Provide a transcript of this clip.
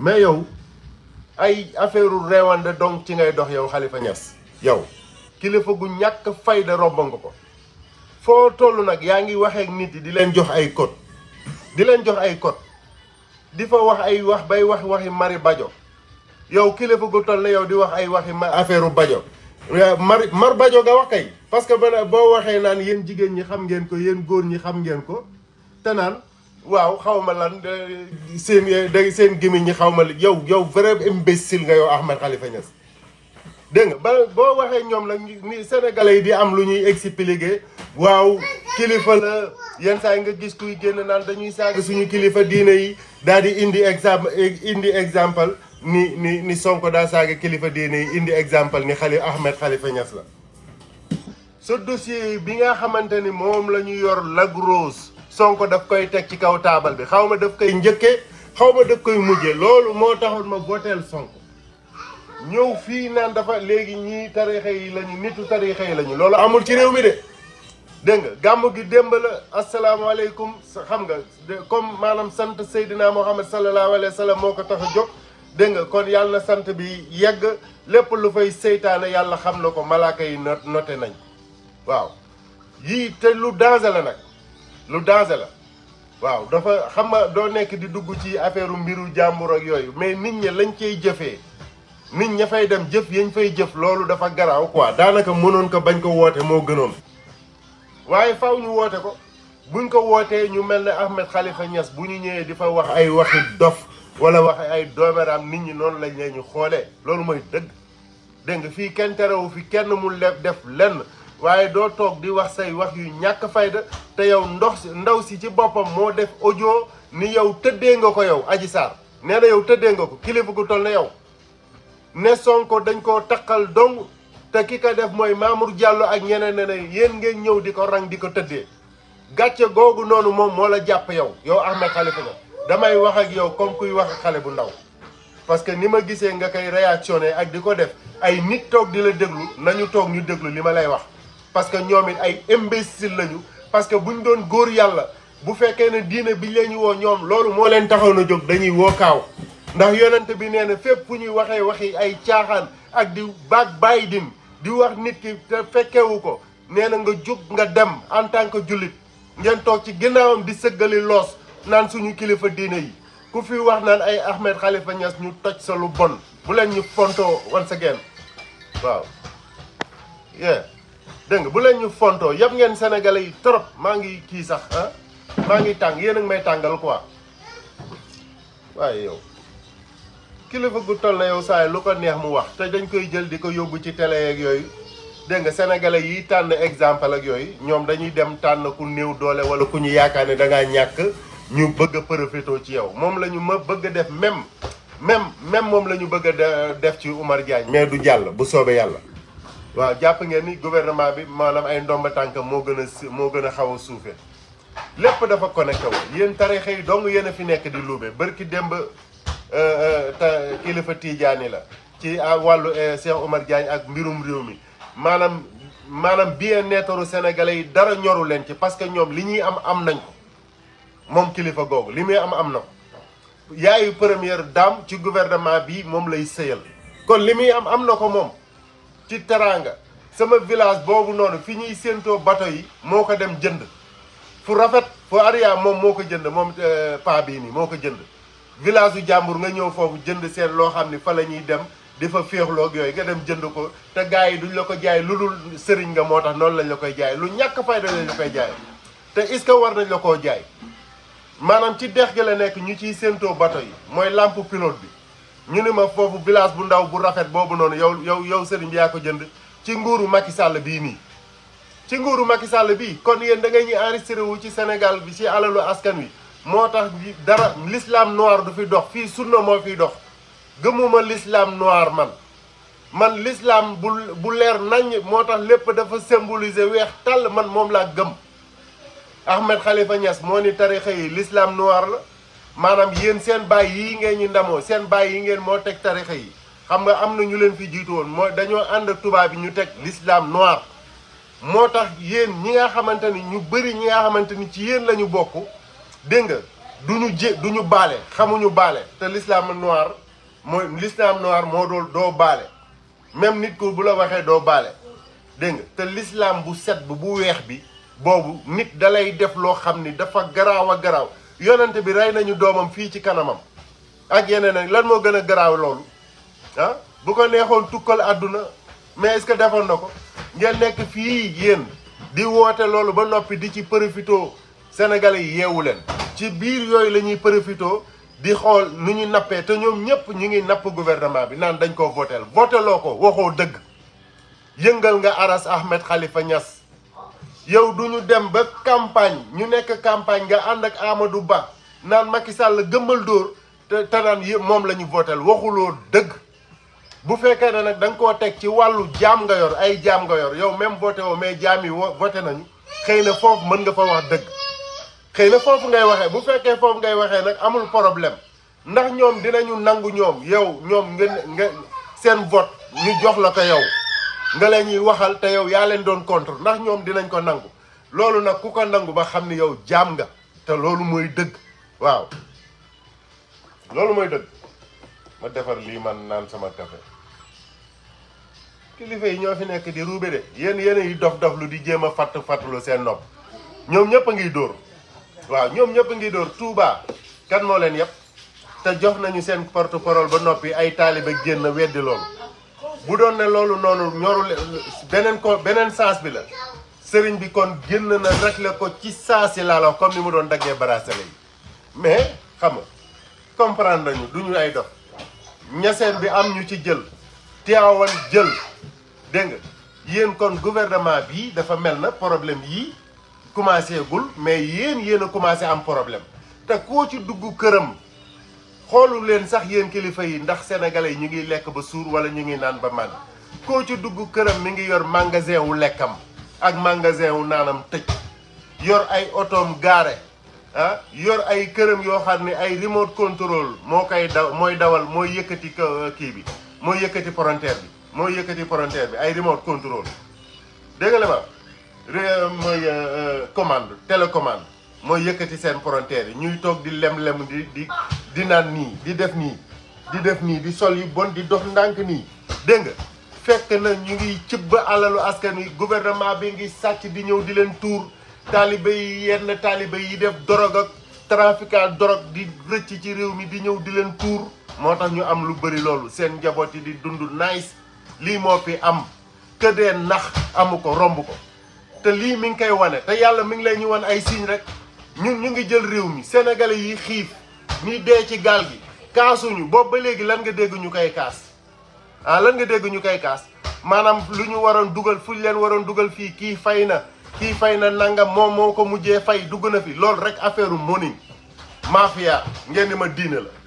mais yow ay affaire reewande donc ci ngay dox yow Khalifa Niass yow kilifa gu ñàkk fayda romba nga ko foo toll nag yaa ngi waxee ak nit yi di leen jox ay code di leen jox ay code di fa wax ay wax bay wax waxi Mari bajo yow kilifa gu toll na yow di wax ay waxi affaire Badio Mari Mar Badio nga wax kay parce que bana boo waxee naan yéen jigéen ñi xam ngeen ko yéen góor ñi xam ngeen ko te naan waaw xaw ma lan seen day seen gémmiñ ñi xaw ma yow yow vrai imbécile nga yow Ahmed Khalifa Niass dégg nga ba boo waxee ñoom nag ni sénégalais yi di am lu ñuy expliquer waaw kilifa la yenn saa yi nga gis kuy génn naan dañuy saaga suñu kilifa diine yi daal di indi exemple indi exemple ni ni ni Sonko daa saaga kilifa diine yi indi exemple ni xali Ahmed Khalifa Niass la sa dossier bi nga xamante ni moom la ñu yor Lac Rose Sonko daf koy teg ci kaw taabal bi xaw ma def koy njëkkee xaw ma def koy mujjee loolu moo taxoon ma voteel Sonko ñëw fii naan dafa léegi ñii tarixa yi lañu nitu tarixa yi lañu loolu amul ci réew mi de dégg nga gàmm gi démb la asalaamaaleykum xam nga comme maanaam sant Seydina Mohamed sallallahu alayhi wa sallam moo ko tax a jóg dégg nga kon yàlla sant bi yegg lépp lu fay seytaane yàlla xam na ko malaaka note nañ waaw yii te lu danger nag lu danger la waaw dafa xam nga doo nekk di dugg ci affaire mbiru jàmbur ak yooyu mais nit ñi lañ cay jëfee nit ña fay dem jëf yañ fay jëf loolu dafa garaaw quoi daanaka mënoon ko bañ ko woote moo gënoon waaye faw ñu woote ko buñ ko wootee ñu mel ne Ahmed xalifa Niass bu ñu ñëwee di fa wax ay waxi dof wala wax ay doomeraam nit ñi noonu lañ leen ñu xoolee loolu mooy dëgg dégg nga fii kenn terewu fi kenn mu def lenn waaye doo toog di wax say wax yu ñàkk fayda te yow ndox si ndaw si ci boppam moo def ojo ni yow tëddee nga ko yow aji Sarr nee na yow tëddee nga ko kilifa gu toll na yow ne Sonko dañ ko takkal dong te ki ko def mooy Mamour Diallo ak ñeneen ne ne yéen ngeen ñëw di ko rang di ko tëddee gàcce googu noonu moom moo la jàpp yow yow Ahmed Khalifa nga damay wax ak yow comme kuy wax ak xale bu ndaw parce que ni ma gisee nga koy réactionné ak di ko def ay nit toog di la déglu nañu toog ñu déglu li ma lay wax parce que ñoom it ay imbécile lañu parce que ñu doon góor yàlla bu fekkee ne diine bi la ñu woo ñoom loolu moo leen taxaw na jóg dañuy woo kaaw ndax yonent bi nee na fépp fu ñuy waxee waxi ay caaxaan ak di baag bàyyi din di wax nit ki fekkewu ko nee na nga jóg nga dem en tant que jullit ngeen toog ci ginnaawam di sëggali loos naan suñu kilifa diine yi ku fi wax naan ay Ahmed Khalifa Niass ñu toj sa lu bon bu leen ñu fontoo once again waaw dégg nga bu leen ñu fontoo yëpp ngeen sénégalais yi trop maa ngi kii sax ah maa ngi tàng yéen a may tàngal quoi waaye yow kilifa gu toll na yow saa lu ko neex mu wax te dañ koy jël di ko yóbbu ci tele yeeg yooyu dégg nga sénégalais yi tànn exemple ak yooyu ñoom dañuy dem tànn ku néew doole wala ku ñu yaakaar ne da ñàkk ñu bëgg a profité ci yow moom la ñu ma bëgg def même même même moom la ñu bëgg a def ci Oumar Diagne mais du jàll bu soobee yàlla. waaw jàpp ngeen ni gouvernement bi maanaam ay ndomba tànk moo gën a moo gën a xaw a suufee lépp dafa connecté wu yéen tarixa yi dong yéen a fi nekk di luube barki démb euh, euh, ta kilifa tiijaani la ci wàllu euh, Cheikh Omar Diagne ak mbirum réew mi maanaam maanaam bien neetaru sénégalais yi dara ñoru leen ci parce que ñoom li ñuy am am nañ ko moom kilifa googu li muy am am na ko yaayu première dame ci gouvernement bi moom lay sëyal kon li muy am am na ko moom ci teraanga sama village boobu noonu fi ñuy séentoo bato yi moo ko dem jënd fu rafet fu aria moom moo ko jënd moom euh, paa bii nii moo ko jënd village u jàmbur nga ñëw foofu jënd seen loo xam ni fa la ñuy dem di fa féexloog yooyu nga dem jënd ko te gars yi duñ la ko jaay lu dul sëriñ nga moo tax noonu lañ la koy jaay lu ñàkk fayda lañ la koy jaay te est-ce que war nañ la koo jaay maanaam ci dex gi la nekk ñu ciy séentoo bato yi mooy làmp pilote bi ñu ne ma foofu village bu ndaw bu rafet boobu noonu yow yow yow sëriñ bi yaa ko jënd ci nguuru Macky bii nii ci nguuru Macky Sall bii kon yéen da ngay ñuy enregistré wu ci senegal bi ci alalu askan wi moo tax dara lislaam noir du fi dox fii sunna moo fiy dox gëmuma lislaam noir man man lislaam bu bu leer nañ moo tax lépp dafa symboliser weex tàll man moom laa gëm Ahmed Khalifa Niass moo ni tarixa yi lislaam noir la maanaam yéen seen baay yi ngeen ñu ndamoo seen baay yi ngeen moo teg tarixa yi xam nga am na ñu leen fi jiitu woon mooy dañoo ànd tubaab yi ñu teg l'islam noir moo tax yéen ñi nga xamante ni ñu bëri ñi nga xamante ni ci yéen la ñu bokk dégg nga du ñu jé du ñu baale xamuñu baale te l'islam noir mooy l'islam noir moo doon doo baale même nit ko bu la waxee doo baale dégg nga te l'islam bu set bi bu weex bi boobu nit dalay def loo xam ni dafa garaaw a garaaw yonent bi rey nañu doomam fii ci kanamam ak yeneen ak lan moo gën a garaaw loolu ah, bu ko neexoon tukkal àdduna mais est-ce defoon na ko ngeen nekk fii yéen di woote loolu ba noppi di ci profito sénégalais yi yeewu leen ci biir yooyu la ñuy profito di xool nu ñu nappee te ñoom ñépp ñu ngi napp gouvernement bi naan dañ ko voteel voteloo ko waxoo dëgg yëngal nga Aras Ahmed Khalifa Niass yow du ñu dem ba campagne ñu nekk campagne nga ànd ak Amadou Ba naan Macky sàll gëmmal dóor te te naan moom la ñu vooteel waxuloo dëgg bu fekkee ne nag da nga koo teg ci wàllu jaam nga yor ay jaam nga yor yow même voté woo mais jaam yi voté nañu xëy na foofu mën nga fa wax dëgg xëy na foofu ngay waxee bu fekkee foofu ngay waxee nag amul problème ndax ñoom dinañu nangu ñoom yow ñoom nga nga seen vote ñu jox la ko yow nga la ñuy waxal te yow yaa leen doon contre ndax ñoom dinañ ko nangu loolu nag ku ko nangu ba xam ni yow jaam nga te loolu mooy dëgg waaw loolu mooy dëgg ma defar lii man naan sama café kilifa yi ñoo fi nekk di ruube de yéen yéen yi dof dof lu di jéem a fatt fattulu seen nopp ñoom ñëpp a ngi dóor waaw ñoom ñëpp a ngi dóor tuubaa kan moo leen yëpp te jox nañu seen porte parole ba noppi ay taaliba génn weddi loolu bu doon ne loolu noonu ñorul beneen ko beneen sens bi la sëriñ bi kon génn na réglé ko ci saasi laa la kon ni mu doon daggee bracelet yi mais xam nga comprendre nañu du ñu ay dox ñaseen bi am ñu ci jël teewal jël dégg nga yéen kon gouvernement bi dafa mel na problème yi commencé gul mais yéen yéen a commencé am problème te koo ci dugg këram. xoolu leen sax yéen kilifa yi ndax sénégalais yi ñu ngi lekk ba suur wala ñu ngi naan ba màgg koo ci duggu këram mi ngi yor magasin wu lekkam ak magasin wu naanam tëj yor ay otoom gaare ah yor ay këram yoo xam ne ay remote control moo koy daw mooy dawal mooy yëkkati euh, kii bi mooy yëkkati frontière bi mooy yëkkati frontière bi ay remote control dégg nga ma mooy euh, euh, commande télécommande mooy yëkkati seen frontière yi ñuy toog di lem-lem di di di nan ni di def ni di def ni di sol yu bon di dox ndank ni dégg nga fekk na ñu ngi alalu askan yi gouvernement bi ngi sacc di ñew di len tour talibé yi yenn talibé yi def dorog ak trafiquant drogue di recc ci rew mi di ñew di len tour motax ñu am lu bari lolu sen di dundu nice li mo fi am de nax amu ko ko te li mi ngi kay wone te yalla mi ngi lay ñu won ay signe rek ñun ñu ngi jël rew mi sénégalais yi xif ñi dee ci gaal gi kaasuñu boobu ba léegi lan nga dégg ñu koy kaas ah lan nga dégg ñu koy kaas maanaam lu ñu waroon dugal fu ñu leen waroon dugal fii kii fay na kii fay na nangam moom moo ko mujjee fay dugg na fi loolu rek affaire u mooning mafia ngeen di ma diine la